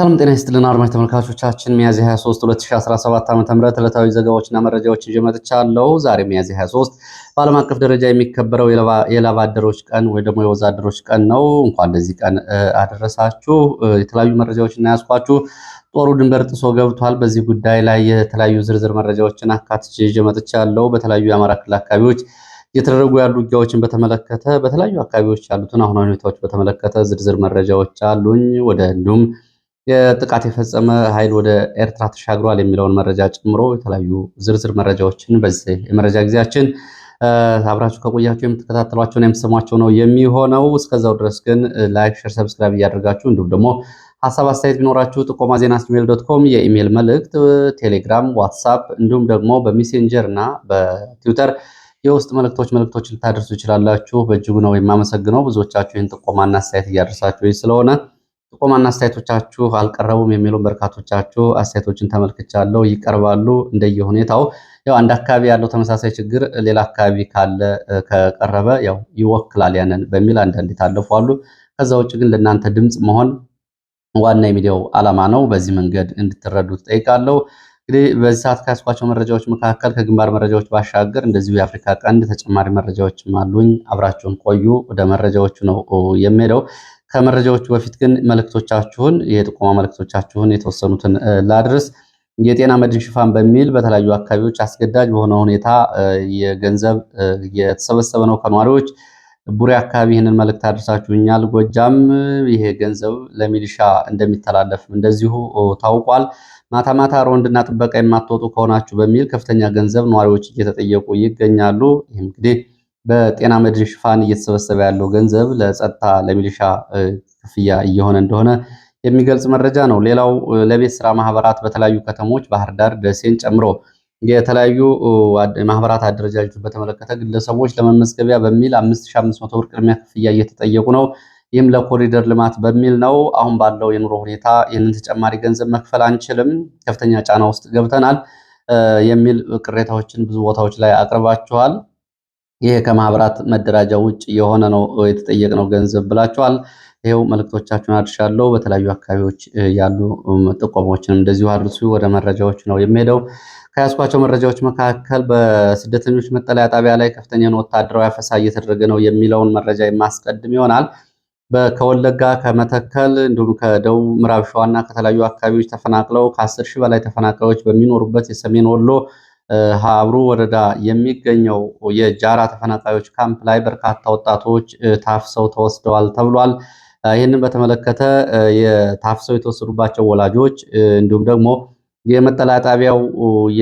ሰላም ጤና ይስጥልን አድማጭ ተመልካቾቻችን፣ ሚያዝያ 23 2017 ዓ.ም ዕለታዊ ዘገባዎችና መረጃዎችን ይዤ መጥቻለሁ። ዛሬ ሚያዝያ 23 በዓለም አቀፍ ደረጃ የሚከበረው የላባደሮች ቀን ወይ ደግሞ የወዛደሮች ቀን ነው። እንኳን ለዚህ ቀን አደረሳችሁ። የተለያዩ መረጃዎችን እናያስኳችሁ። ጦሩ ድንበር ጥሶ ገብቷል። በዚህ ጉዳይ ላይ የተለያዩ ዝርዝር መረጃዎችን አካትቼ ይዤ መጥቻለሁ። በተለያዩ የአማራ ክልል አካባቢዎች እየተደረጉ ያሉ ውጊያዎችን በተመለከተ፣ በተለያዩ አካባቢዎች ያሉትን አሁናዊ ሁኔታዎች በተመለከተ ዝርዝር መረጃዎች አሉኝ ወደ እንዲሁም የጥቃት የፈጸመ ኃይል ወደ ኤርትራ ተሻግሯል የሚለውን መረጃ ጨምሮ የተለያዩ ዝርዝር መረጃዎችን በዚህ የመረጃ ጊዜያችን አብራችሁ ከቆያችሁ የምትከታተሏቸውን የምትሰሟቸው ነው የሚሆነው። እስከዛው ድረስ ግን ላይክ፣ ሼር፣ ሰብስክራይብ እያደርጋችሁ እንዲሁም ደግሞ ሀሳብ አስተያየት ቢኖራችሁ ጥቆማ ዜና ጂሜል ዶት ኮም የኢሜይል መልእክት፣ ቴሌግራም፣ ዋትሳፕ እንዲሁም ደግሞ በሜሴንጀር እና በትዊተር የውስጥ መልእክቶች መልእክቶች ልታደርሱ ይችላላችሁ። በእጅጉ ነው የማመሰግነው። ብዙዎቻችሁ ይህን ጥቆማና አስተያየት እያደርሳችሁ ስለሆነ ጥቆማና አስተያየቶቻችሁ አልቀረቡም የሚሉ በርካቶቻችሁ አስተያየቶችን ተመልክቻለሁ። ይቀርባሉ እንደየሁኔታው። ያው አንድ አካባቢ ያለው ተመሳሳይ ችግር ሌላ አካባቢ ካለ ከቀረበ ያው ይወክላል ያንን በሚል አንዳንድ የታለፉ አሉ። ከዛ ውጭ ግን ለእናንተ ድምፅ መሆን ዋና የሚዲያው ዓላማ ነው። በዚህ መንገድ እንድትረዱ ትጠይቃለሁ። እንግዲህ በዚህ ሰዓት ከያዝኳቸው መረጃዎች መካከል ከግንባር መረጃዎች ባሻገር እንደዚሁ የአፍሪካ ቀንድ ተጨማሪ መረጃዎችም አሉኝ። አብራችሁን ቆዩ። ወደ መረጃዎቹ ነው የሚሄደው። ከመረጃዎቹ በፊት ግን መልእክቶቻችሁን የጥቆማ መልእክቶቻችሁን የተወሰኑትን ላድርስ። የጤና መድን ሽፋን በሚል በተለያዩ አካባቢዎች አስገዳጅ በሆነ ሁኔታ የገንዘብ የተሰበሰበ ነው ከነዋሪዎች። ቡሬ አካባቢ ይህንን መልእክት አድርሳችሁኛል። ጎጃም ይሄ ገንዘብ ለሚሊሻ እንደሚተላለፍ እንደዚሁ ታውቋል። ማታ ማታ ሮንድና ጥበቃ የማትወጡ ከሆናችሁ በሚል ከፍተኛ ገንዘብ ነዋሪዎች እየተጠየቁ ይገኛሉ። ይህም እንግዲህ በጤና መድን ሽፋን እየተሰበሰበ ያለው ገንዘብ ለጸጥታ ለሚሊሻ ክፍያ እየሆነ እንደሆነ የሚገልጽ መረጃ ነው። ሌላው ለቤት ስራ ማህበራት በተለያዩ ከተሞች ባህር ዳር፣ ደሴን ጨምሮ የተለያዩ ማህበራት አደረጃጀቱን በተመለከተ ግለሰቦች ለመመዝገቢያ በሚል 5500 ብር ቅድሚያ ክፍያ እየተጠየቁ ነው። ይህም ለኮሪደር ልማት በሚል ነው። አሁን ባለው የኑሮ ሁኔታ ይህንን ተጨማሪ ገንዘብ መክፈል አንችልም፣ ከፍተኛ ጫና ውስጥ ገብተናል የሚል ቅሬታዎችን ብዙ ቦታዎች ላይ አቅርባችኋል። ይሄ ከማህበራት መደራጃ ውጭ የሆነ ነው የተጠየቅነው ገንዘብ ብላችኋል። ይኸው መልእክቶቻችሁን አድርሻለሁ። በተለያዩ አካባቢዎች ያሉ ጥቆሞችንም እንደዚሁ አድርሱ። ወደ መረጃዎች ነው የሚሄደው። ከያዝኳቸው መረጃዎች መካከል በስደተኞች መጠለያ ጣቢያ ላይ ከፍተኛን ወታደራዊ አፈሳ እየተደረገ ነው የሚለውን መረጃ የማስቀድም ይሆናል። ከወለጋ ከመተከል እንዲሁም ከደቡብ ምዕራብ ሸዋና ከተለያዩ አካባቢዎች ተፈናቅለው ከአስር ሺህ በላይ ተፈናቃዮች በሚኖሩበት የሰሜን ወሎ ሀብሩ ወረዳ የሚገኘው የጃራ ተፈናቃዮች ካምፕ ላይ በርካታ ወጣቶች ታፍሰው ተወስደዋል ተብሏል። ይህንን በተመለከተ የታፍሰው የተወሰዱባቸው ወላጆች እንዲሁም ደግሞ የመጠለያ ጣቢያው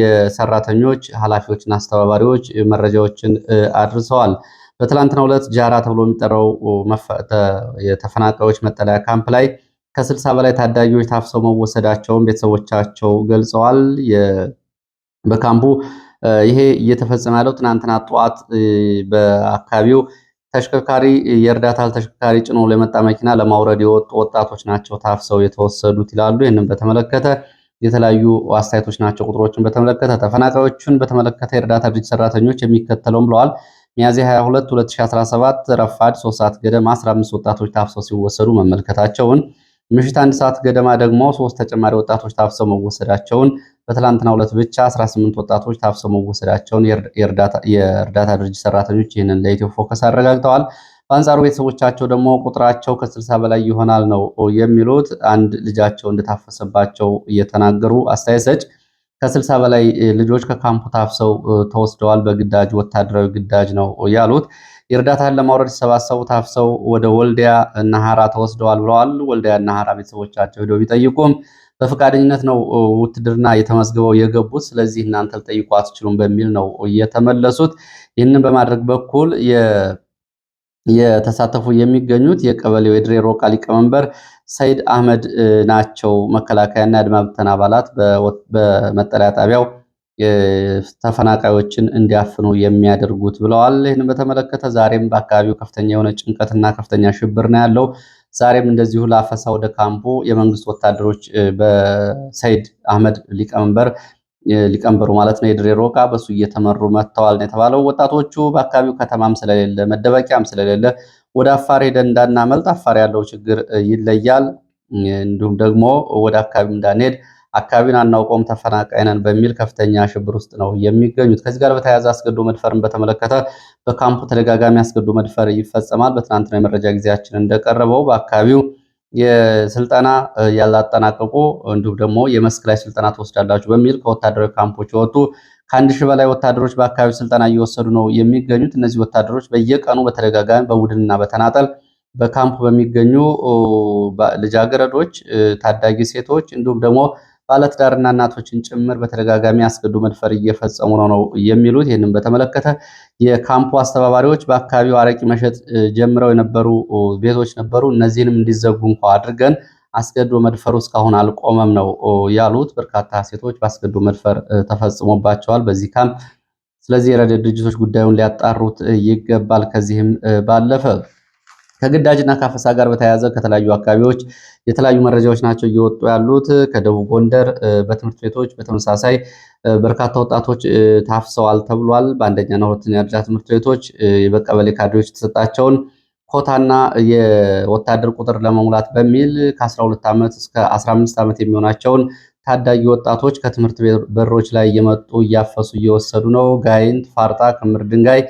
የሰራተኞች ኃላፊዎችና አስተባባሪዎች መረጃዎችን አድርሰዋል። በትላንትናው ዕለት ጃራ ተብሎ የሚጠራው የተፈናቃዮች መጠለያ ካምፕ ላይ ከስልሳ በላይ ታዳጊዎች ታፍሰው መወሰዳቸውን ቤተሰቦቻቸው ገልጸዋል። በካምፑ ይሄ እየተፈጸመ ያለው ትናንትና ጠዋት በአካባቢው ተሽከርካሪ የእርዳታ ተሽከርካሪ ጭኖ ለመጣ መኪና ለማውረድ የወጡ ወጣቶች ናቸው ታፍሰው የተወሰዱት ይላሉ። ይህንን በተመለከተ የተለያዩ አስተያየቶች ናቸው። ቁጥሮችን በተመለከተ ተፈናቃዮቹን በተመለከተ የእርዳታ ድርጅት ሰራተኞች የሚከተለውም ብለዋል። ሚያዝያ 22 2017 ረፋድ 3 ሰዓት ገደማ 15 ወጣቶች ታፍሰው ሲወሰዱ መመልከታቸውን፣ ምሽት አንድ ሰዓት ገደማ ደግሞ ሶስት ተጨማሪ ወጣቶች ታፍሰው መወሰዳቸውን በትላንትና ሁለት ብቻ 18 ወጣቶች ታፍሰው መወሰዳቸውን የእርዳታ ድርጅት ሰራተኞች ይህንን ለኢትዮ ፎከስ አረጋግጠዋል። በአንጻሩ ቤተሰቦቻቸው ደግሞ ቁጥራቸው ከስልሳ በላይ ይሆናል ነው የሚሉት። አንድ ልጃቸው እንደታፈሰባቸው እየተናገሩ አስተያየት ሰጭ ከስልሳ በላይ ልጆች ከካምፑ ታፍሰው ተወስደዋል። በግዳጅ ወታደራዊ ግዳጅ ነው ያሉት። የእርዳታን ለማውረድ ሲሰባሰቡ ታፍሰው ወደ ወልዲያ ናሃራ ተወስደዋል ብለዋል። ወልዲያ ናሃራ ቤተሰቦቻቸው ሄደው ቢጠይቁም በፈቃደኝነት ነው ውትድርና የተመዝግበው የገቡት። ስለዚህ እናንተ ልጠይቁ አትችሉም በሚል ነው የተመለሱት። ይህንን በማድረግ በኩል የተሳተፉ የሚገኙት የቀበሌው የድሬ ሮቃ ሊቀመንበር ሰይድ አህመድ ናቸው። መከላከያና የአድማ ብተና አባላት በመጠለያ ጣቢያው ተፈናቃዮችን እንዲያፍኑ የሚያደርጉት ብለዋል። ይህንን በተመለከተ ዛሬም በአካባቢው ከፍተኛ የሆነ ጭንቀትና ከፍተኛ ሽብር ነው ያለው። ዛሬም እንደዚሁ ላፈሳ ወደ ካምፖ የመንግስት ወታደሮች በሰይድ አህመድ ሊቀመንበር ሊቀመንበሩ ማለት ነው የድሬ ሮቃ በሱ እየተመሩ መጥተዋል ነው የተባለው። ወጣቶቹ በአካባቢው ከተማም ስለሌለ መደበቂያም ስለሌለ ወደ አፋር ሄደን እንዳናመልጥ አፋር ያለው ችግር ይለያል፣ እንዲሁም ደግሞ ወደ አካባቢ እንዳንሄድ አካባቢን አናውቀውም ተፈናቃይ ነን በሚል ከፍተኛ ሽብር ውስጥ ነው የሚገኙት። ከዚህ ጋር በተያያዘ አስገዶ መድፈርን በተመለከተ በካምፑ ተደጋጋሚ አስገዶ መድፈር ይፈጸማል። በትናንትናው የመረጃ ጊዜያችን እንደቀረበው በአካባቢው የስልጠና ያላጠናቀቁ እንዲሁም ደግሞ የመስክ ላይ ስልጠና ትወስዳላችሁ በሚል ከወታደራዊ ካምፖች የወጡ ከአንድ ሺህ በላይ ወታደሮች በአካባቢው ስልጠና እየወሰዱ ነው የሚገኙት። እነዚህ ወታደሮች በየቀኑ በተደጋጋሚ በቡድንና በተናጠል በካምፕ በሚገኙ ልጃገረዶች፣ ታዳጊ ሴቶች እንዲሁም ደግሞ ባለትዳርና እናቶችን ጭምር በተደጋጋሚ አስገዶ መድፈር እየፈጸሙ ነው ነው የሚሉት። ይህንም በተመለከተ የካምፑ አስተባባሪዎች በአካባቢው አረቂ መሸጥ ጀምረው የነበሩ ቤቶች ነበሩ፣ እነዚህንም እንዲዘጉ እንኳ አድርገን አስገዶ መድፈሩ እስካሁን አልቆመም ነው ያሉት። በርካታ ሴቶች በአስገዶ መድፈር ተፈጽሞባቸዋል በዚህ ካምፕ። ስለዚህ የረድኤት ድርጅቶች ጉዳዩን ሊያጣሩት ይገባል። ከዚህም ባለፈ ከግዳጅና ካፈሳ ጋር በተያያዘ ከተለያዩ አካባቢዎች የተለያዩ መረጃዎች ናቸው እየወጡ ያሉት። ከደቡብ ጎንደር በትምህርት ቤቶች በተመሳሳይ በርካታ ወጣቶች ታፍሰዋል ተብሏል። በአንደኛና ሁለተኛ ደረጃ ትምህርት ቤቶች በቀበሌ ካድሬዎች የተሰጣቸውን ኮታና የወታደር ቁጥር ለመሙላት በሚል ከ12 ዓመት እስከ 15 ዓመት የሚሆናቸውን ታዳጊ ወጣቶች ከትምህርት በሮች ላይ እየመጡ እያፈሱ እየወሰዱ ነው። ጋይንት፣ ፋርጣ፣ ክምር ድንጋይ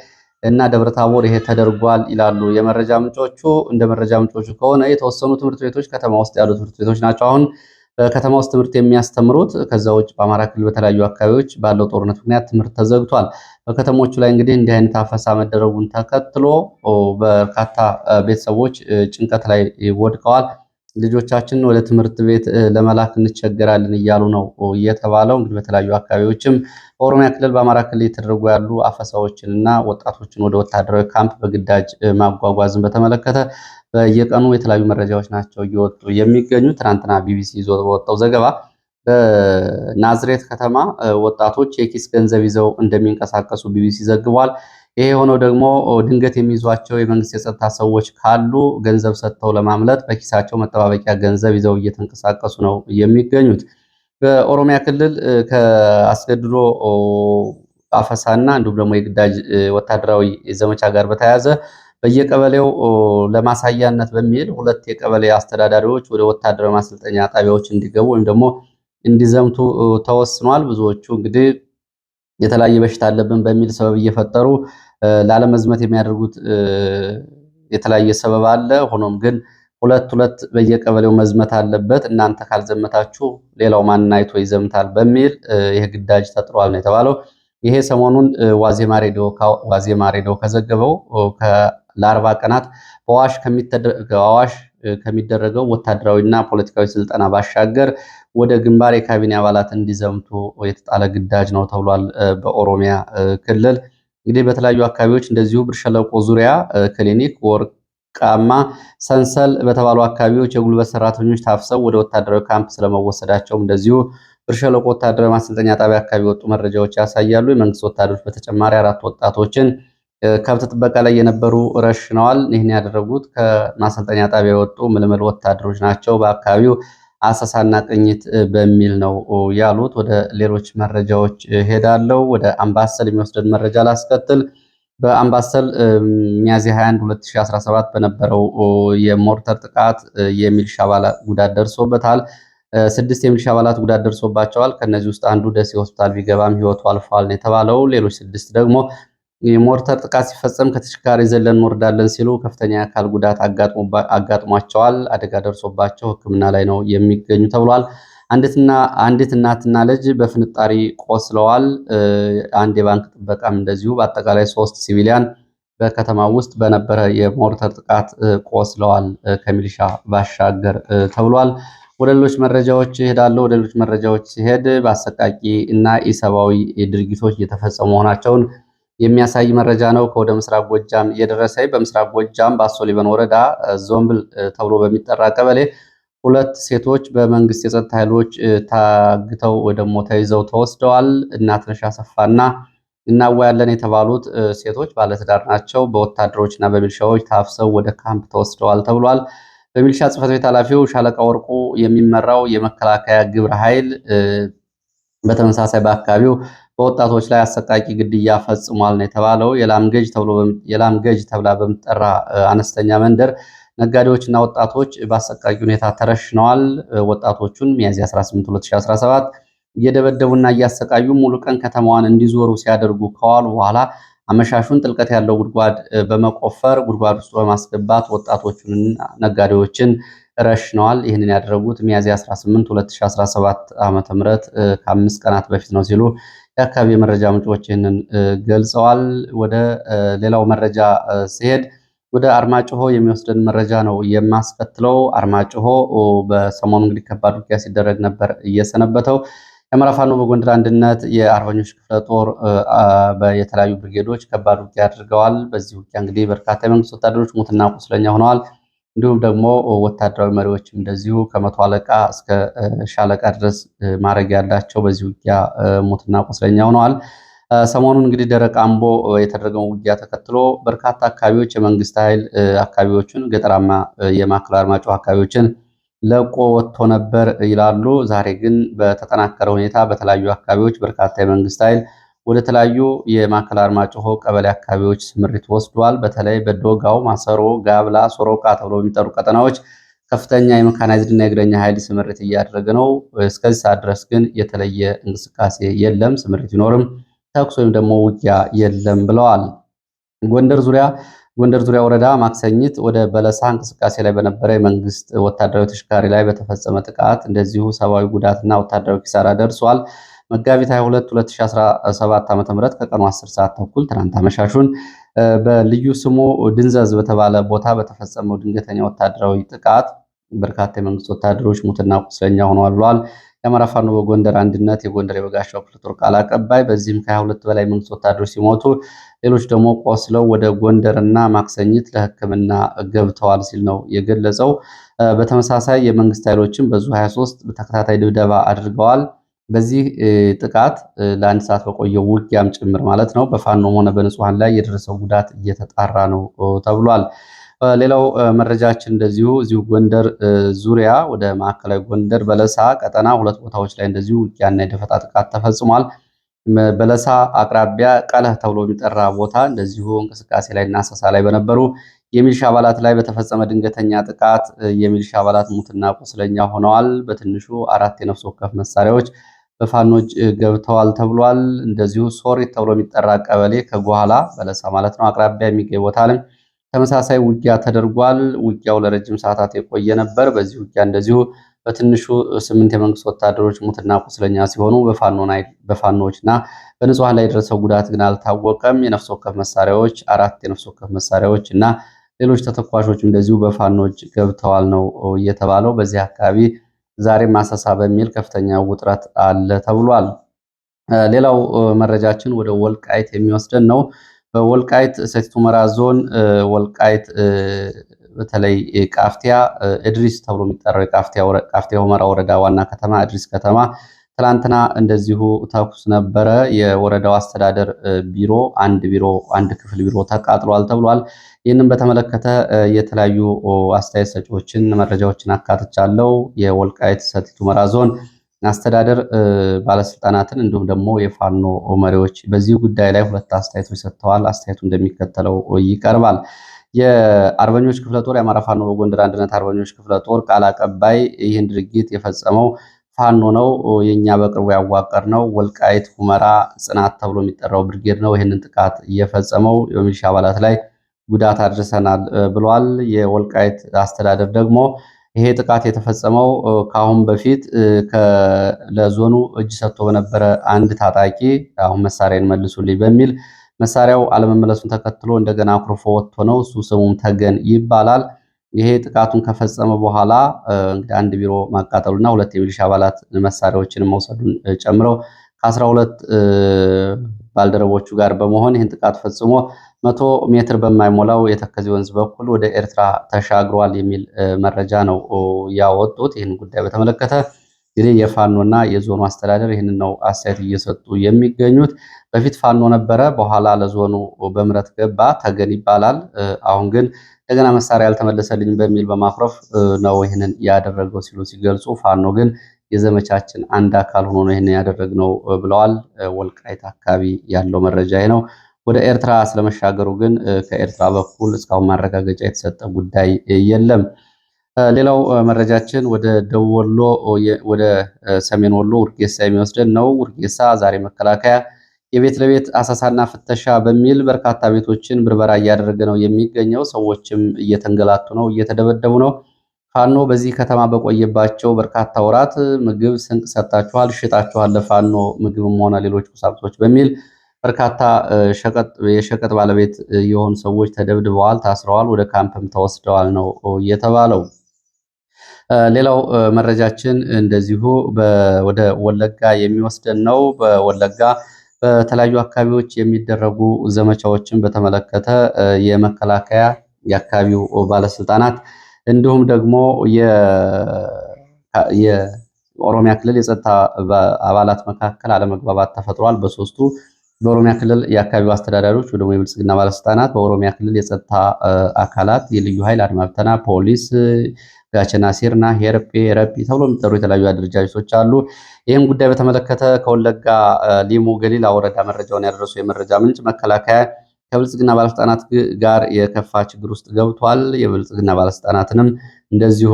እና ደብረ ታቦር ይሄ ተደርጓል ይላሉ የመረጃ ምንጮቹ። እንደ መረጃ ምንጮቹ ከሆነ የተወሰኑ ትምህርት ቤቶች ከተማ ውስጥ ያሉ ትምህርት ቤቶች ናቸው አሁን ከተማ ውስጥ ትምህርት የሚያስተምሩት። ከዛ ውጭ በአማራ ክልል በተለያዩ አካባቢዎች ባለው ጦርነት ምክንያት ትምህርት ተዘግቷል። በከተሞቹ ላይ እንግዲህ እንዲህ አይነት አፈሳ መደረጉን ተከትሎ በርካታ ቤተሰቦች ጭንቀት ላይ ወድቀዋል። ልጆቻችንን ወደ ትምህርት ቤት ለመላክ እንቸገራለን እያሉ ነው እየተባለው እንግዲህ በተለያዩ አካባቢዎችም በኦሮሚያ ክልል፣ በአማራ ክልል የተደረጉ ያሉ አፈሳዎችን እና ወጣቶችን ወደ ወታደራዊ ካምፕ በግዳጅ ማጓጓዝን በተመለከተ በየቀኑ የተለያዩ መረጃዎች ናቸው እየወጡ የሚገኙ። ትናንትና ቢቢሲ ይዞ በወጣው ዘገባ በናዝሬት ከተማ ወጣቶች የኪስ ገንዘብ ይዘው እንደሚንቀሳቀሱ ቢቢሲ ዘግቧል። ይሄ ሆኖ ደግሞ ድንገት የሚይዟቸው የመንግስት የጸጥታ ሰዎች ካሉ ገንዘብ ሰጥተው ለማምለጥ በኪሳቸው መጠባበቂያ ገንዘብ ይዘው እየተንቀሳቀሱ ነው የሚገኙት። በኦሮሚያ ክልል ከአስገድዶ አፈሳና እንዲሁም ደግሞ የግዳጅ ወታደራዊ ዘመቻ ጋር በተያያዘ በየቀበሌው ለማሳያነት በሚል ሁለት የቀበሌ አስተዳዳሪዎች ወደ ወታደራዊ ማሰልጠኛ ጣቢያዎች እንዲገቡ ወይም ደግሞ እንዲዘምቱ ተወስኗል። ብዙዎቹ እንግዲህ የተለያየ በሽታ አለብን በሚል ሰበብ እየፈጠሩ ላለመዝመት የሚያደርጉት የተለያየ ሰበብ አለ። ሆኖም ግን ሁለት ሁለት በየቀበሌው መዝመት አለበት። እናንተ ካልዘመታችሁ ሌላው ማንን አይቶ ይዘምታል በሚል ይህ ግዳጅ ተጥሯል ነው የተባለው። ይሄ ሰሞኑን ዋዜማ ሬዲዮ ከዘገበው ለአርባ ቀናት በአዋሽ ከሚደረገው ወታደራዊና ፖለቲካዊ ስልጠና ባሻገር ወደ ግንባር የካቢኔ አባላት እንዲዘምቱ የተጣለ ግዳጅ ነው ተብሏል በኦሮሚያ ክልል እንግዲህ በተለያዩ አካባቢዎች እንደዚሁ ብር ሸለቆ ዙሪያ ክሊኒክ፣ ወርቃማ ሰንሰል በተባሉ አካባቢዎች የጉልበት ሰራተኞች ታፍሰው ወደ ወታደራዊ ካምፕ ስለመወሰዳቸውም እንደዚሁ ብርሸለቆ ወታደራዊ ማሰልጠኛ ጣቢያ አካባቢ የወጡ መረጃዎች ያሳያሉ። የመንግስት ወታደሮች በተጨማሪ አራት ወጣቶችን ከብት ጥበቃ ላይ የነበሩ ረሽነዋል። ይህን ያደረጉት ከማሰልጠኛ ጣቢያ የወጡ ምልምል ወታደሮች ናቸው። በአካባቢው አሰሳና ቅኝት በሚል ነው ያሉት። ወደ ሌሎች መረጃዎች ሄዳለው። ወደ አምባሰል የሚወስደን መረጃ ላስከትል። በአምባሰል ሚያዝያ 21 2017 በነበረው የሞርተር ጥቃት የሚሊሻ አባላት ጉዳት ደርሶበታል። ስድስት የሚሊሻ አባላት ጉዳት ደርሶባቸዋል። ከነዚህ ውስጥ አንዱ ደሴ ሆስፒታል ቢገባም ህይወቱ አልፏል የተባለው ሌሎች ስድስት ደግሞ የሞርተር ጥቃት ሲፈጸም ከተሽከርካሪ ዘለን እንወርዳለን ሲሉ ከፍተኛ የአካል ጉዳት አጋጥሟቸዋል። አደጋ ደርሶባቸው ሕክምና ላይ ነው የሚገኙ ተብሏል። አንዲት እናትና ልጅ በፍንጣሪ ቆስለዋል። አንድ የባንክ ጥበቃም እንደዚሁ። በአጠቃላይ ሶስት ሲቪሊያን በከተማ ውስጥ በነበረ የሞርተር ጥቃት ቆስለዋል ከሚሊሻ ባሻገር ተብሏል። ወደ ሌሎች መረጃዎች እሄዳለሁ። ወደ ሌሎች መረጃዎች ሲሄድ በአሰቃቂ እና ኢሰብአዊ ድርጊቶች እየተፈጸሙ መሆናቸውን የሚያሳይ መረጃ ነው። ከወደ ምስራቅ ጎጃም እየደረሰ በምስራቅ ጎጃም በአሶ ሊበን ወረዳ ዞምብል ተብሎ በሚጠራ ቀበሌ ሁለት ሴቶች በመንግስት የጸጥታ ኃይሎች ታግተው ደግሞ ተይዘው ተወስደዋል። እናትነሽ አሰፋና እናወያለን የተባሉት ሴቶች ባለትዳር ናቸው። በወታደሮች እና በሚልሻዎች ታፍሰው ወደ ካምፕ ተወስደዋል ተብሏል። በሚልሻ ጽፈት ቤት ኃላፊው ሻለቃ ወርቁ የሚመራው የመከላከያ ግብረ ኃይል በተመሳሳይ በአካባቢው በወጣቶች ላይ አሰቃቂ ግድያ ፈጽሟል ነው የተባለው። የላም ገጅ ተብላ በምጠራ አነስተኛ መንደር ነጋዴዎችና ወጣቶች በአሰቃቂ ሁኔታ ተረሽነዋል። ወጣቶቹን ሚያዝያ 18 2017 እየደበደቡና እያሰቃዩ ሙሉ ቀን ከተማዋን እንዲዞሩ ሲያደርጉ ከዋሉ በኋላ አመሻሹን ጥልቀት ያለው ጉድጓድ በመቆፈር ጉድጓድ ውስጥ በማስገባት ወጣቶቹን ነጋዴዎችን ረሽነዋል። ይህንን ያደረጉት ሚያዝያ 18 2017 ም ከአምስት ቀናት በፊት ነው ሲሉ የአካባቢ የመረጃ ምንጮች ይህንን ገልጸዋል። ወደ ሌላው መረጃ ሲሄድ ወደ አርማጭሆ የሚወስደን መረጃ ነው የማስከትለው። አርማጭሆ በሰሞኑ እንግዲህ ከባድ ውጊያ ሲደረግ ነበር እየሰነበተው። የአማራ ፋኖ በጎንደር አንድነት የአርበኞች ክፍለ ጦር የተለያዩ ብርጌዶች ከባድ ውጊያ አድርገዋል። በዚህ ውጊያ እንግዲህ በርካታ የመንግስት ወታደሮች ሞትና ቁስለኛ ሆነዋል። እንዲሁም ደግሞ ወታደራዊ መሪዎችም እንደዚሁ ከመቶ አለቃ እስከ ሻለቃ ድረስ ማድረግ ያላቸው በዚህ ውጊያ ሞትና ቁስለኛ ሆነዋል። ሰሞኑን እንግዲህ ደረቅ አምቦ የተደረገውን ውጊያ ተከትሎ በርካታ አካባቢዎች የመንግስት ኃይል አካባቢዎችን ገጠራማ የማዕከል አርማጭሆ አካባቢዎችን ለቆ ወጥቶ ነበር ይላሉ። ዛሬ ግን በተጠናከረ ሁኔታ በተለያዩ አካባቢዎች በርካታ የመንግስት ኃይል ወደ ተለያዩ የማዕከል አርማጭሆ ቀበሌ አካባቢዎች ስምሪት ወስዷል። በተለይ በዶጋው፣ ማሰሮ፣ ጋብላ፣ ሶሮቃ ተብሎ የሚጠሩ ቀጠናዎች ከፍተኛ የመካናይዝድና የእግረኛ ኃይል ስምሪት እያደረገ ነው። እስከዚህ ሰዓት ድረስ ግን የተለየ እንቅስቃሴ የለም። ስምሪት ቢኖርም ተኩስ ወይም ደግሞ ውጊያ የለም ብለዋል። ጎንደር ዙሪያ ጎንደር ዙሪያ ወረዳ ማክሰኝት ወደ በለሳ እንቅስቃሴ ላይ በነበረ የመንግስት ወታደራዊ ተሽከርካሪ ላይ በተፈጸመ ጥቃት እንደዚሁ ሰብአዊ ጉዳትና ወታደራዊ ኪሳራ ደርሷል። መጋቢት 22 2017 ዓ.ም ከቀኑ 10 ሰዓት ተኩል ትናንት አመሻሹን በልዩ ስሙ ድንዘዝ በተባለ ቦታ በተፈጸመው ድንገተኛ ወታደራዊ ጥቃት በርካታ የመንግስት ወታደሮች ሙትና ቁስለኛ ሆነው አሏል። የአማራ ፋኖ በጎንደር አንድነት የጎንደር የበጋሻው ክፍለ ጦር ቃል አቀባይ። በዚህም ከ22 በላይ መንግስት ወታደሮች ሲሞቱ ሌሎች ደግሞ ቆስለው ወደ ጎንደርና ማክሰኝት ለሕክምና ገብተዋል ሲል ነው የገለጸው። በተመሳሳይ የመንግስት ኃይሎችም በዙ 23 በተከታታይ ድብደባ አድርገዋል። በዚህ ጥቃት ለአንድ ሰዓት በቆየው ውጊያም ጭምር ማለት ነው በፋኖም ሆነ በንጹሐን ላይ የደረሰው ጉዳት እየተጣራ ነው ተብሏል። ሌላው መረጃችን እንደዚሁ እዚሁ ጎንደር ዙሪያ ወደ ማዕከላዊ ጎንደር በለሳ ቀጠና ሁለት ቦታዎች ላይ እንደዚሁ ውጊያና የደፈጣ ጥቃት ተፈጽሟል። በለሳ አቅራቢያ ቀለህ ተብሎ የሚጠራ ቦታ እንደዚሁ እንቅስቃሴ ላይ እና አሰሳ ላይ በነበሩ የሚሊሻ አባላት ላይ በተፈጸመ ድንገተኛ ጥቃት የሚሊሻ አባላት ሙትና ቁስለኛ ሆነዋል። በትንሹ አራት የነፍስ ወከፍ መሳሪያዎች በፋኖች ገብተዋል ተብሏል። እንደዚሁ ሶሪ ተብሎ የሚጠራ ቀበሌ ከጓኋላ በለሳ ማለት ነው አቅራቢያ የሚገኝ ቦታ ላይ ተመሳሳይ ውጊያ ተደርጓል። ውጊያው ለረጅም ሰዓታት የቆየ ነበር። በዚህ ውጊያ እንደዚሁ በትንሹ ስምንት የመንግስት ወታደሮች ሙትና ቁስለኛ ሲሆኑ በፋኖዎችና በንጹሐን ላይ የደረሰው ጉዳት ግን አልታወቀም። የነፍስ ወከፍ መሳሪያዎች አራት የነፍስ ወከፍ መሳሪያዎች እና ሌሎች ተተኳሾች እንደዚሁ በፋኖች ገብተዋል ነው እየተባለው በዚህ አካባቢ ዛሬ አሰሳ በሚል ከፍተኛ ውጥረት አለ ተብሏል። ሌላው መረጃችን ወደ ወልቃይት የሚወስደን ነው። በወልቃይት ሰቲት ሁመራ ዞን ወልቃይት በተለይ ቃፍቲያ እድሪስ ተብሎ የሚጠራው የቃፍቲያ ሁመራ ወረዳ ዋና ከተማ እድሪስ ከተማ ትላንትና እንደዚሁ ተኩስ ነበረ። የወረዳው አስተዳደር ቢሮ አንድ ቢሮ አንድ ክፍል ቢሮ ተቃጥሏል ተብሏል። ይህንም በተመለከተ የተለያዩ አስተያየት ሰጪዎችን መረጃዎችን አካትቻለሁ። የወልቃይት ሰቲት ሁመራ ዞን አስተዳደር ባለስልጣናትን እንዲሁም ደግሞ የፋኖ መሪዎች በዚህ ጉዳይ ላይ ሁለት አስተያየቶች ሰጥተዋል። አስተያየቱ እንደሚከተለው ይቀርባል። የአርበኞች ክፍለ ጦር የአማራ ፋኖ በጎንደር አንድነት አርበኞች ክፍለ ጦር ቃል አቀባይ ይህን ድርጊት የፈጸመው ፋኖ ነው። የኛ በቅርቡ ያዋቀር ነው ወልቃይት ሁመራ ጽናት ተብሎ የሚጠራው ብርጌድ ነው። ይህንን ጥቃት እየፈጸመው የሚሊሻ አባላት ላይ ጉዳት አድርሰናል ብሏል። የወልቃይት አስተዳደር ደግሞ ይሄ ጥቃት የተፈጸመው ከአሁን በፊት ለዞኑ እጅ ሰጥቶ በነበረ አንድ ታጣቂ አሁን መሳሪያን መልሱልኝ በሚል መሳሪያው አለመመለሱን ተከትሎ እንደገና አኩርፎ ወጥቶ ነው። እሱ ስሙም ተገን ይባላል። ይሄ ጥቃቱን ከፈጸመ በኋላ እንግዲህ አንድ ቢሮ ማቃጠሉና ሁለት የሚሊሻ አባላት መሳሪያዎችን መውሰዱን ጨምረው ከአስራ ሁለት ባልደረቦቹ ጋር በመሆን ይህን ጥቃት ፈጽሞ መቶ ሜትር በማይሞላው የተከዜ ወንዝ በኩል ወደ ኤርትራ ተሻግሯል የሚል መረጃ ነው ያወጡት። ይህን ጉዳይ በተመለከተ እንግዲህ የፋኖና የዞኑ አስተዳደር ይህንን ነው አስተያየት እየሰጡ የሚገኙት። በፊት ፋኖ ነበረ፣ በኋላ ለዞኑ በምረት ገባ። ተገን ይባላል። አሁን ግን እንደገና መሳሪያ ያልተመለሰልኝ በሚል በማኩረፍ ነው ይህንን ያደረገው ሲሉ ሲገልጹ፣ ፋኖ ግን የዘመቻችን አንድ አካል ሆኖ ነው ይህንን ያደረግነው ብለዋል። ወልቃይት አካባቢ ያለው መረጃ ነው። ወደ ኤርትራ ስለመሻገሩ ግን ከኤርትራ በኩል እስካሁን ማረጋገጫ የተሰጠ ጉዳይ የለም። ሌላው መረጃችን ወደ ደቡብ ወሎ ወደ ሰሜን ወሎ ውርጌሳ የሚወስደን ነው። ውርጌሳ ዛሬ መከላከያ የቤት ለቤት አሰሳና ፍተሻ በሚል በርካታ ቤቶችን ብርበራ እያደረገ ነው የሚገኘው። ሰዎችም እየተንገላቱ ነው፣ እየተደበደቡ ነው። ፋኖ በዚህ ከተማ በቆየባቸው በርካታ ወራት ምግብ ስንቅ ሰጥታችኋል፣ ሽጣችኋል፣ ለፋኖ ምግብም ሆነ ሌሎች ቁሳቁሶች በሚል በርካታ የሸቀጥ ባለቤት የሆኑ ሰዎች ተደብድበዋል፣ ታስረዋል፣ ወደ ካምፕም ተወስደዋል ነው የተባለው። ሌላው መረጃችን እንደዚሁ ወደ ወለጋ የሚወስደን ነው። በወለጋ በተለያዩ አካባቢዎች የሚደረጉ ዘመቻዎችን በተመለከተ የመከላከያ የአካባቢው ባለስልጣናት እንዲሁም ደግሞ የኦሮሚያ ክልል የጸጥታ አባላት መካከል አለመግባባት ተፈጥሯል። በሶስቱ በኦሮሚያ ክልል የአካባቢው አስተዳዳሪዎች ወደ የብልጽግና ባለስልጣናት፣ በኦሮሚያ ክልል የጸጥታ አካላት የልዩ ኃይል አድማብተና ፖሊስ ጋቸና ሲርና፣ ሄርፔ፣ ረፒ ተብሎ የሚጠሩ የተለያዩ አደረጃጀቶች አሉ። ይህም ጉዳይ በተመለከተ ከወለጋ ሊሙ ገሊላ ወረዳ መረጃውን ያደረሱ የመረጃ ምንጭ መከላከያ ከብልጽግና ባለስልጣናት ጋር የከፋ ችግር ውስጥ ገብቷል፣ የብልጽግና ባለስልጣናትንም እንደዚሁ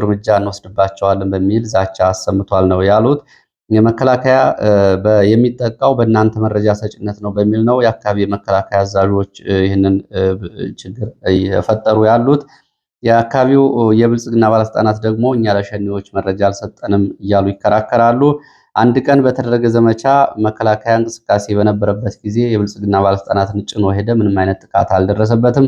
እርምጃ እንወስድባቸዋለን በሚል ዛቻ አሰምቷል ነው ያሉት። የመከላከያ የሚጠቃው በእናንተ መረጃ ሰጭነት ነው በሚል ነው የአካባቢ የመከላከያ አዛዦች ይህንን ችግር እየፈጠሩ ያሉት። የአካባቢው የብልጽግና ባለስልጣናት ደግሞ እኛ ለሸኔዎች መረጃ አልሰጠንም እያሉ ይከራከራሉ። አንድ ቀን በተደረገ ዘመቻ መከላከያ እንቅስቃሴ በነበረበት ጊዜ የብልጽግና ባለስልጣናትን ጭኖ ሄደ። ምንም አይነት ጥቃት አልደረሰበትም።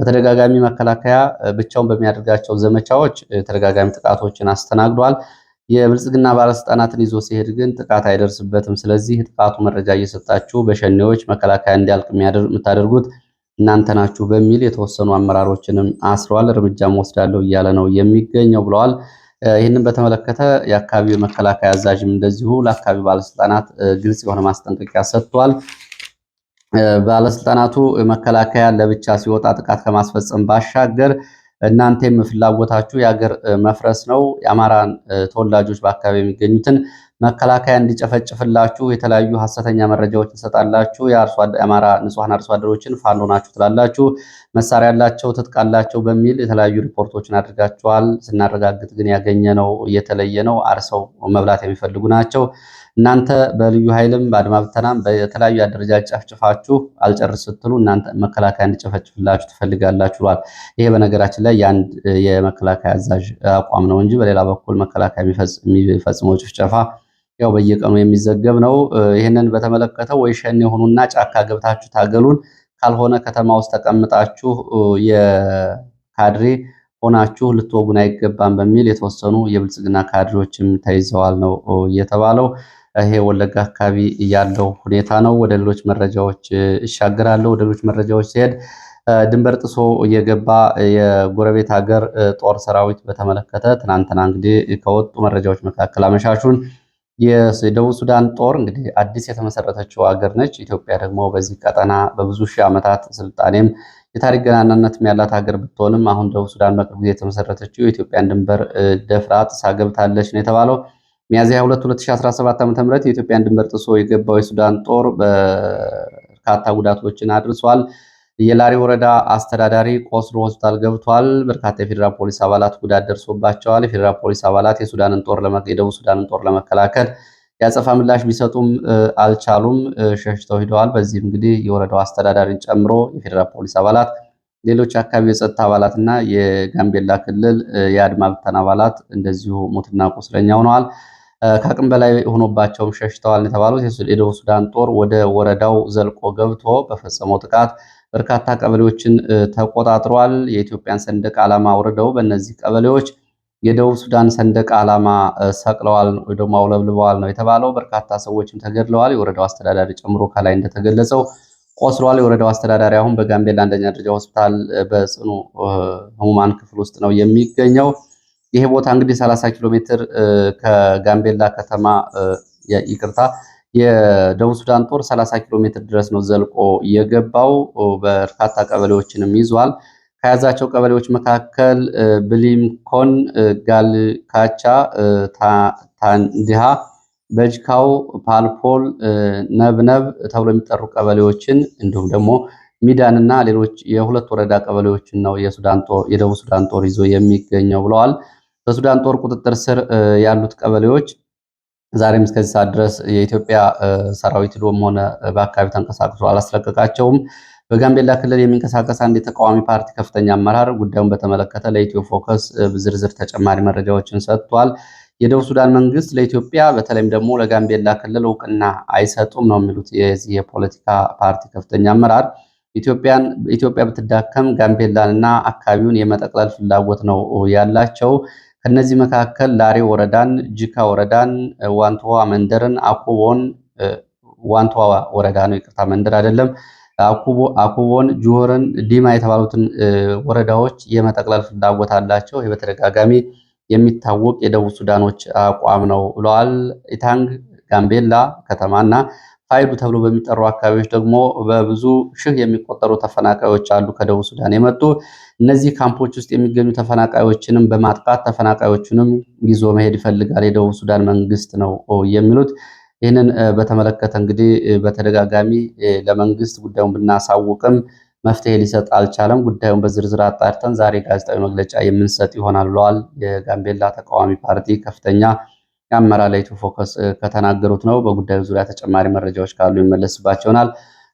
በተደጋጋሚ መከላከያ ብቻውን በሚያደርጋቸው ዘመቻዎች ተደጋጋሚ ጥቃቶችን አስተናግዷል። የብልጽግና ባለስልጣናትን ይዞ ሲሄድ ግን ጥቃት አይደርስበትም። ስለዚህ ጥቃቱ መረጃ እየሰጣችሁ በሸኔዎች መከላከያ እንዲያልቅ የምታደርጉት እናንተ ናችሁ በሚል የተወሰኑ አመራሮችንም አስረዋል፣ እርምጃም ወስዳለሁ እያለ ነው የሚገኘው ብለዋል። ይህንን በተመለከተ የአካባቢው መከላከያ አዛዥም እንደዚሁ ለአካባቢው ባለስልጣናት ግልጽ የሆነ ማስጠንቀቂያ ሰጥቷል። ባለስልጣናቱ መከላከያ ለብቻ ሲወጣ ጥቃት ከማስፈጸም ባሻገር እናንተም ፍላጎታችሁ የሀገር መፍረስ ነው፣ የአማራን ተወላጆች በአካባቢ የሚገኙትን መከላከያ እንዲጨፈጭፍላችሁ የተለያዩ ሀሰተኛ መረጃዎች ትሰጣላችሁ። የአማራ ንጹሐን አርሶ አደሮችን ፋኖ ናችሁ ትላላችሁ፣ መሳሪያ ያላቸው ትጥቃላቸው በሚል የተለያዩ ሪፖርቶችን አድርጋችኋል። ስናረጋግጥ ግን ያገኘ ነው እየተለየ ነው። አርሰው መብላት የሚፈልጉ ናቸው። እናንተ በልዩ ኃይልም በአድማ ብተናም በተለያዩ አደረጃ ጨፍጭፋችሁ አልጨርስ ስትሉ እናንተ መከላከያ እንዲጨፈጭፍላችሁ ትፈልጋላችሁ ብሏል። ይሄ በነገራችን ላይ የአንድ የመከላከያ አዛዥ አቋም ነው እንጂ በሌላ በኩል መከላከያ የሚፈጽመው ጭፍጨፋ ያው በየቀኑ የሚዘገብ ነው። ይህንን በተመለከተ ወይ ሸን የሆኑና ጫካ ገብታችሁ ታገሉን፣ ካልሆነ ከተማ ውስጥ ተቀምጣችሁ የካድሬ ሆናችሁ ልትወጉን አይገባም በሚል የተወሰኑ የብልጽግና ካድሬዎችም ተይዘዋል ነው እየተባለው። ይሄ ወለጋ አካባቢ ያለው ሁኔታ ነው። ወደ ሌሎች መረጃዎች እሻገራለሁ። ወደ ሌሎች መረጃዎች ሲሄድ ድንበር ጥሶ እየገባ የጎረቤት ሀገር ጦር ሰራዊት በተመለከተ ትናንትና እንግዲህ ከወጡ መረጃዎች መካከል አመሻሹን የደቡብ ሱዳን ጦር እንግዲህ አዲስ የተመሰረተችው ሀገር ነች። ኢትዮጵያ ደግሞ በዚህ ቀጠና በብዙ ሺህ ዓመታት ስልጣኔም የታሪክ ገናናነትም ያላት ሀገር ብትሆንም አሁን ደቡብ ሱዳን በቅርብ ጊዜ የተመሰረተችው የኢትዮጵያን ድንበር ደፍራ ጥሳ ገብታለች ነው የተባለው። ሚያዝያ 2 2017 ዓ.ም የኢትዮጵያን ድንበር ጥሶ የገባው የሱዳን ጦር በርካታ ጉዳቶችን አድርሷል። የላሪ ወረዳ አስተዳዳሪ ቆስሮ ሆስፒታል ገብቷል። በርካታ የፌዴራል ፖሊስ አባላት ጉዳት ደርሶባቸዋል። የፌዴራል ፖሊስ አባላት የሱዳንን ጦር የደቡብ ሱዳንን ጦር ለመከላከል የአጸፋ ምላሽ ቢሰጡም አልቻሉም፣ ሸሽተው ሂደዋል። በዚህም እንግዲህ የወረዳው አስተዳዳሪን ጨምሮ የፌዴራል ፖሊስ አባላት፣ ሌሎች አካባቢ የጸጥታ አባላት እና የጋምቤላ ክልል የአድማ ብተና አባላት እንደዚሁ ሞትና ቁስለኛ ሆነዋል። ከአቅም በላይ ሆኖባቸውም ሸሽተዋል የተባሉት የደቡብ ሱዳን ጦር ወደ ወረዳው ዘልቆ ገብቶ በፈጸመው ጥቃት በርካታ ቀበሌዎችን ተቆጣጥሯል። የኢትዮጵያን ሰንደቅ ዓላማ አውርደው በእነዚህ ቀበሌዎች የደቡብ ሱዳን ሰንደቅ ዓላማ ሰቅለዋል ወይ ደግሞ አውለብልበዋል ነው የተባለው። በርካታ ሰዎችም ተገድለዋል። የወረዳው አስተዳዳሪ ጨምሮ ከላይ እንደተገለጸው ቆስሏል። የወረዳው አስተዳዳሪ አሁን በጋምቤላ አንደኛ ደረጃ ሆስፒታል በጽኑ ህሙማን ክፍል ውስጥ ነው የሚገኘው። ይሄ ቦታ እንግዲህ 30 ኪሎ ሜትር ከጋምቤላ ከተማ ይቅርታ የደቡብ ሱዳን ጦር 30 ኪሎ ሜትር ድረስ ነው ዘልቆ የገባው። በርካታ ቀበሌዎችንም ይዟል። ከያዛቸው ቀበሌዎች መካከል ብሊምኮን፣ ጋልካቻ፣ ታንዲሃ፣ በጅካው፣ ፓልፖል፣ ነብነብ ተብሎ የሚጠሩ ቀበሌዎችን እንዲሁም ደግሞ እና ሌሎች የሁለት ወረዳ ቀበሌዎችን ነው የደቡብ ሱዳን ጦር ይዞ የሚገኘው ብለዋል። በሱዳን ጦር ቁጥጥር ስር ያሉት ቀበሌዎች ዛሬም እስከዚህ ሰዓት ድረስ የኢትዮጵያ ሰራዊት ዶም ሆነ በአካባቢ ተንቀሳቅሶ አላስለቀቃቸውም። በጋምቤላ ክልል የሚንቀሳቀስ አንድ የተቃዋሚ ፓርቲ ከፍተኛ አመራር ጉዳዩን በተመለከተ ለኢትዮ ፎከስ ዝርዝር ተጨማሪ መረጃዎችን ሰጥቷል። የደቡብ ሱዳን መንግስት ለኢትዮጵያ በተለይም ደግሞ ለጋምቤላ ክልል እውቅና አይሰጡም ነው የሚሉት የዚህ የፖለቲካ ፓርቲ ከፍተኛ አመራር ኢትዮጵያን ኢትዮጵያ ብትዳከም እና አካባቢውን የመጠቅለል ፍላጎት ነው ያላቸው ከነዚህ መካከል ላሬ ወረዳን፣ ጅካ ወረዳን፣ ዋንቶዋ መንደርን፣ አኩቦን ዋንቶዋ ወረዳ ነው ይቅርታ፣ መንደር አይደለም፣ አኩቦን፣ ጆሆርን፣ ዲማ የተባሉትን ወረዳዎች የመጠቅለል ፍላጎት አላቸው። ይህ በተደጋጋሚ የሚታወቅ የደቡብ ሱዳኖች አቋም ነው ብለዋል። ኢታንግ ጋምቤላ ከተማና ሀይሉ ተብሎ በሚጠሩ አካባቢዎች ደግሞ በብዙ ሺህ የሚቆጠሩ ተፈናቃዮች አሉ፣ ከደቡብ ሱዳን የመጡ እነዚህ ካምፖች ውስጥ የሚገኙ ተፈናቃዮችንም በማጥቃት ተፈናቃዮችንም ይዞ መሄድ ይፈልጋል የደቡብ ሱዳን መንግስት ነው የሚሉት። ይህንን በተመለከተ እንግዲህ በተደጋጋሚ ለመንግስት ጉዳዩን ብናሳውቅም መፍትሄ ሊሰጥ አልቻለም። ጉዳዩን በዝርዝር አጣርተን ዛሬ ጋዜጣዊ መግለጫ የምንሰጥ ይሆናል ብለዋል። የጋምቤላ ተቃዋሚ ፓርቲ ከፍተኛ ላይ ፎከስ ከተናገሩት ነው። በጉዳዩ ዙሪያ ተጨማሪ መረጃዎች ካሉ ይመለስባቸውናል።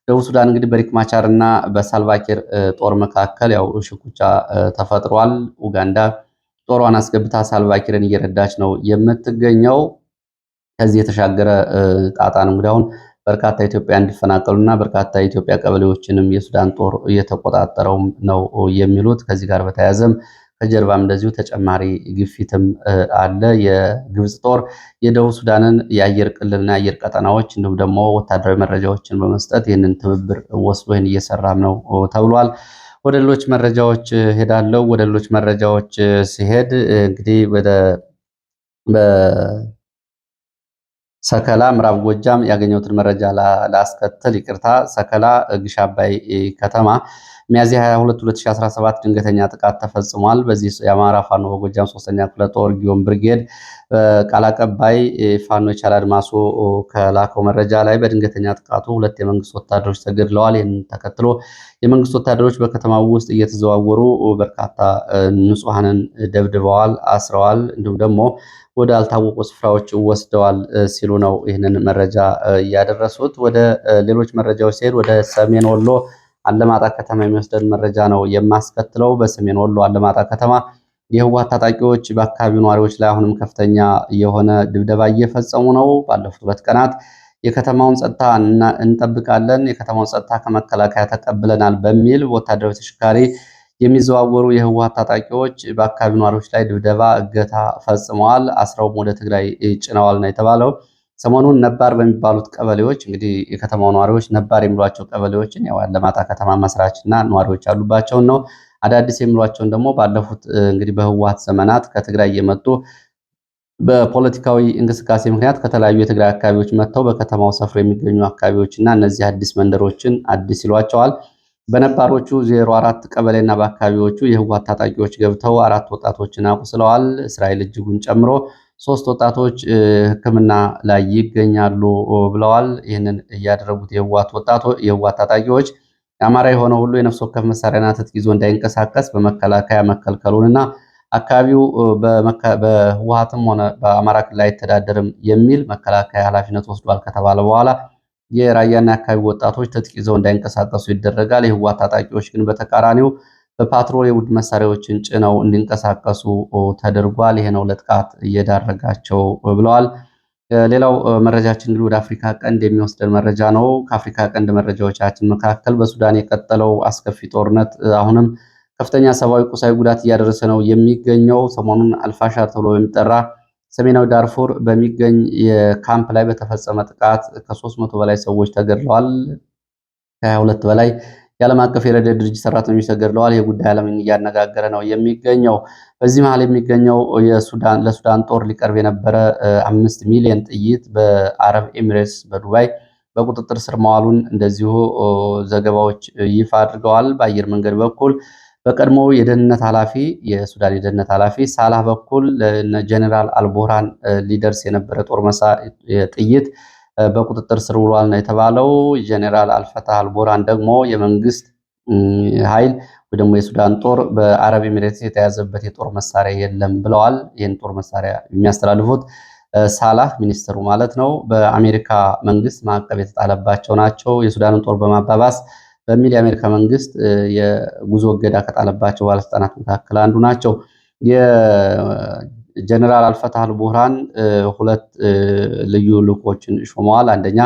ደቡብ ሱዳን እንግዲህ በሪክማቻር እና በሳልቫኪር ጦር መካከል ያው ሽኩቻ ተፈጥሯል። ኡጋንዳ ጦሯን አስገብታ ሳልቫኪርን እየረዳች ነው የምትገኘው። ከዚህ የተሻገረ ጣጣ ነው እንግዲህ አሁን በርካታ ኢትዮጵያ እንዲፈናቀሉ እና በርካታ ኢትዮጵያ ቀበሌዎችንም የሱዳን ጦር እየተቆጣጠረው ነው የሚሉት ከዚህ ጋር በተያያዘም ከጀርባም እንደዚሁ ተጨማሪ ግፊትም አለ። የግብፅ ጦር የደቡብ ሱዳንን የአየር ክልልና የአየር ቀጠናዎች እንዲሁም ደግሞ ወታደራዊ መረጃዎችን በመስጠት ይህንን ትብብር ወስዶ ይህን እየሰራም ነው ተብሏል። ወደ ሌሎች መረጃዎች ሄዳለው። ወደ ሌሎች መረጃዎች ሲሄድ እንግዲህ ወደ ሰከላ ምዕራብ ጎጃም ያገኘሁትን መረጃ ላስከትል። ይቅርታ ሰከላ ግሽ አባይ ከተማ ሚያዝያ 22 2017 ድንገተኛ ጥቃት ተፈጽሟል። በዚህ የአማራ ፋኖ በጎጃም ሶስተኛ ክፍለ ጦር ጊዮን ብርጌድ ቃል አቀባይ ፋኖ ይቻል አድማሶ ከላከው መረጃ ላይ በድንገተኛ ጥቃቱ ሁለት የመንግስት ወታደሮች ተገድለዋል። ይህን ተከትሎ የመንግስት ወታደሮች በከተማው ውስጥ እየተዘዋወሩ በርካታ ንጹሐንን ደብድበዋል፣ አስረዋል እንዲሁም ደግሞ ወደ አልታወቁ ስፍራዎች ወስደዋል ሲሉ ነው ይህንን መረጃ እያደረሱት። ወደ ሌሎች መረጃዎች ሲሄድ ወደ ሰሜን ወሎ አለማጣ ከተማ የሚወስደን መረጃ ነው የማስከትለው። በሰሜን ወሎ አለማጣ ከተማ የህወሓት ታጣቂዎች በአካባቢው ነዋሪዎች ላይ አሁንም ከፍተኛ የሆነ ድብደባ እየፈጸሙ ነው። ባለፉት ሁለት ቀናት የከተማውን ጸጥታ እንጠብቃለን፣ የከተማውን ጸጥታ ከመከላከያ ተቀብለናል በሚል ወታደራዊ ተሽካሪ የሚዘዋወሩ የህወሓት ታጣቂዎች በአካባቢው ነዋሪዎች ላይ ድብደባ፣ እገታ ፈጽመዋል፣ አስረውም ወደ ትግራይ ጭነዋል ነው የተባለው። ሰሞኑን ነባር በሚባሉት ቀበሌዎች እንግዲህ የከተማው ነዋሪዎች ነባር የሚሏቸው ቀበሌዎችን ያው አለማጣ ከተማ መስራች እና ነዋሪዎች ያሉባቸውን ነው። አዳዲስ የሚሏቸውን ደግሞ ባለፉት እንግዲህ በህወሓት ዘመናት ከትግራይ የመጡ በፖለቲካዊ እንቅስቃሴ ምክንያት ከተለያዩ የትግራይ አካባቢዎች መጥተው በከተማው ሰፍሮ የሚገኙ አካባቢዎችና እነዚህ አዲስ መንደሮችን አዲስ ይሏቸዋል። በነባሮቹ ዜሮ አራት ቀበሌና በአካባቢዎቹ የህወሓት ታጣቂዎች ገብተው አራት ወጣቶችን አቁስለዋል። እስራኤል እጅጉን ጨምሮ ሶስት ወጣቶች ሕክምና ላይ ይገኛሉ ብለዋል። ይህንን እያደረጉት የህዋት ታጣቂዎች የአማራ የሆነው ሁሉ የነፍስ ወከፍ መሳሪያና ትጥቅ ይዞ እንዳይንቀሳቀስ በመከላከያ እና አካባቢው በህወሀትም ሆነ በአማራ ክልል አይተዳደርም የሚል መከላከያ ኃላፊነት ወስዷል ከተባለ በኋላ የራያና የአካባቢ ወጣቶች ትጥቅ ይዘው እንዳይንቀሳቀሱ ይደረጋል። የህወሀት ታጣቂዎች ግን በተቃራኒው በፓትሮል የቡድ መሳሪያዎችን ጭነው እንዲንቀሳቀሱ ተደርጓል። ይሄ ነው ለጥቃት እየዳረጋቸው ብለዋል። ሌላው መረጃችን እንግዲህ ወደ አፍሪካ ቀንድ የሚወስደን መረጃ ነው። ከአፍሪካ ቀንድ መረጃዎቻችን መካከል በሱዳን የቀጠለው አስከፊ ጦርነት አሁንም ከፍተኛ ሰብአዊ፣ ቁሳዊ ጉዳት እያደረሰ ነው የሚገኘው። ሰሞኑን አልፋሻር ተብሎ በሚጠራ ሰሜናዊ ዳርፉር በሚገኝ የካምፕ ላይ በተፈጸመ ጥቃት ከሶስት መቶ በላይ ሰዎች ተገድለዋል። ከ22 በላይ የዓለም አቀፍ የረድኤት ድርጅት ሰራተኞች ተገድለዋል። ይህ ጉዳይ ዓለምን እያነጋገረ ነው የሚገኘው። በዚህ መሀል የሚገኘው ለሱዳን ጦር ሊቀርብ የነበረ አምስት ሚሊዮን ጥይት በአረብ ኤሚሬትስ በዱባይ በቁጥጥር ስር መዋሉን እንደዚሁ ዘገባዎች ይፋ አድርገዋል። በአየር መንገድ በኩል በቀድሞ የደህንነት ኃላፊ የሱዳን የደህንነት ኃላፊ ሳላህ በኩል ጀኔራል አልቦራን ሊደርስ የነበረ ጦር መሳ ጥይት በቁጥጥር ስር ውሏል ነው የተባለው። ጀኔራል አልፈታህ አልቦራን ደግሞ የመንግስት ኃይል ወይ ደግሞ የሱዳን ጦር በአረብ ኤሚሬትስ የተያዘበት የጦር መሳሪያ የለም ብለዋል። ይህን ጦር መሳሪያ የሚያስተላልፉት ሳላህ ሚኒስትሩ ማለት ነው በአሜሪካ መንግስት ማዕቀብ የተጣለባቸው ናቸው። የሱዳንን ጦር በማባባስ በሚል የአሜሪካ መንግስት የጉዞ እገዳ ከጣለባቸው ባለስልጣናት መካከል አንዱ ናቸው። ጀነራል አልፈታህል ቡርሃን ሁለት ልዩ ልኮችን ሾመዋል። አንደኛ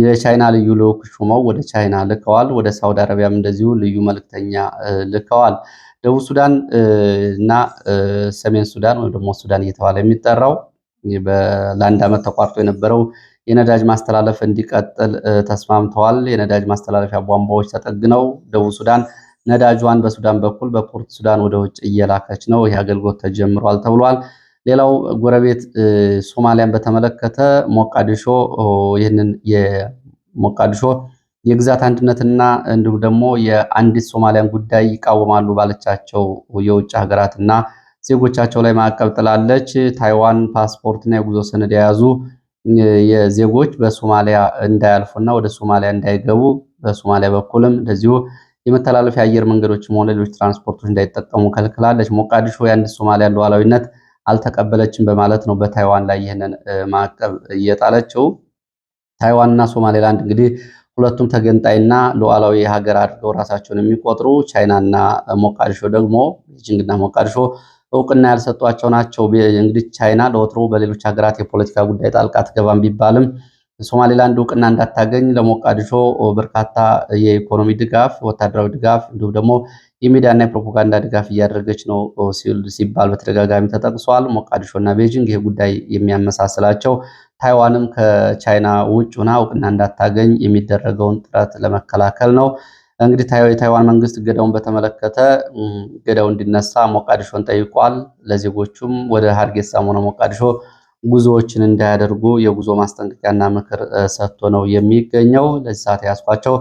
የቻይና ልዩ ልኡክ ሾመው ወደ ቻይና ልከዋል። ወደ ሳውዲ አረቢያም እንደዚሁ ልዩ መልክተኛ ልከዋል። ደቡብ ሱዳን እና ሰሜን ሱዳን ወይም ደግሞ ሱዳን እየተባለ የሚጠራው ለአንድ ዓመት ተቋርጦ የነበረው የነዳጅ ማስተላለፍ እንዲቀጥል ተስማምተዋል። የነዳጅ ማስተላለፊያ ቧንቧዎች ተጠግነው ደቡብ ሱዳን ነዳጇን በሱዳን በኩል በፖርት ሱዳን ወደ ውጭ እየላከች ነው። ይህ አገልግሎት ተጀምሯል ተብሏል። ሌላው ጎረቤት ሶማሊያን በተመለከተ ሞቃዲሾ ይህንን የሞቃዲሾ የግዛት አንድነትና እንዲሁም ደግሞ የአንዲት ሶማሊያን ጉዳይ ይቃወማሉ ባለቻቸው የውጭ ሀገራትና ዜጎቻቸው ላይ ማዕቀብ ጥላለች። ታይዋን ፓስፖርትና የጉዞ ሰነድ የያዙ የዜጎች በሶማሊያ እንዳያልፉና ወደ ሶማሊያ እንዳይገቡ በሶማሊያ በኩልም እንደዚሁ የመተላለፊያ አየር መንገዶችም ሆነ ሌሎች ትራንስፖርቶች እንዳይጠቀሙ ከልክላለች። ሞቃዲሾ የአንድ ሶማሊያ ሉዓላዊነት አልተቀበለችም በማለት ነው በታይዋን ላይ ይህንን ማዕቀብ እየጣለችው። ታይዋንና ሶማሌላንድ እንግዲህ ሁለቱም ተገንጣይና ሉዓላዊ ሀገር አድርገው ራሳቸውን የሚቆጥሩ ቻይናና ሞቃዲሾ ደግሞ ቤጂንግና ሞቃዲሾ እውቅና ያልሰጧቸው ናቸው። እንግዲህ ቻይና ለወትሮ በሌሎች ሀገራት የፖለቲካ ጉዳይ ጣልቃ አትገባም ቢባልም ሶማሌላንድ እውቅና እንዳታገኝ ለሞቃዲሾ በርካታ የኢኮኖሚ ድጋፍ፣ ወታደራዊ ድጋፍ እንዲሁም ደግሞ የሚዲያና የፕሮፓጋንዳ ድጋፍ እያደረገች ነው ሲባል በተደጋጋሚ ተጠቅሷል። ሞቃዲሾ እና ቤጂንግ ይሄ ጉዳይ የሚያመሳስላቸው ታይዋንም ከቻይና ውጭ ሆና እውቅና እንዳታገኝ የሚደረገውን ጥረት ለመከላከል ነው። እንግዲህ የታይዋን መንግስት እገዳውን በተመለከተ እገዳው እንዲነሳ ሞቃዲሾን ጠይቋል። ለዜጎቹም ወደ ሀርጌሳም ሆነ ሞቃዲሾ ጉዞዎችን እንዳያደርጉ የጉዞ ማስጠንቀቂያና ምክር ሰጥቶ ነው የሚገኘው። ለዚህ ሰዓት ያስኳቸው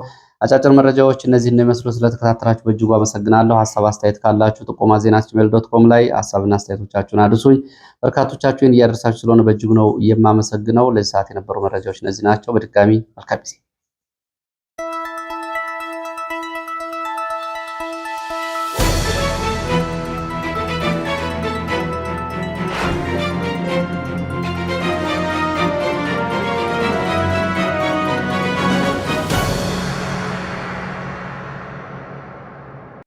አጫጭር መረጃዎች እነዚህ እንደሚመስሉ ስለተከታተላችሁ በእጅጉ አመሰግናለሁ። ሀሳብ አስተያየት ካላችሁ ጥቆማ ዜና ጂሜል ዶት ኮም ላይ ሀሳብና አስተያየቶቻችሁን አድርሱኝ። በርካቶቻችሁን እያደረሳችሁ ስለሆነ በእጅጉ ነው የማመሰግነው። ለዚህ ሰዓት የነበሩ መረጃዎች እነዚህ ናቸው። በድጋሚ መልካም ጊዜ